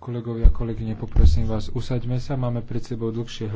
Kolegovia, kolegyne, poprosím vás, usaďme sa, máme pred sebou dlhšie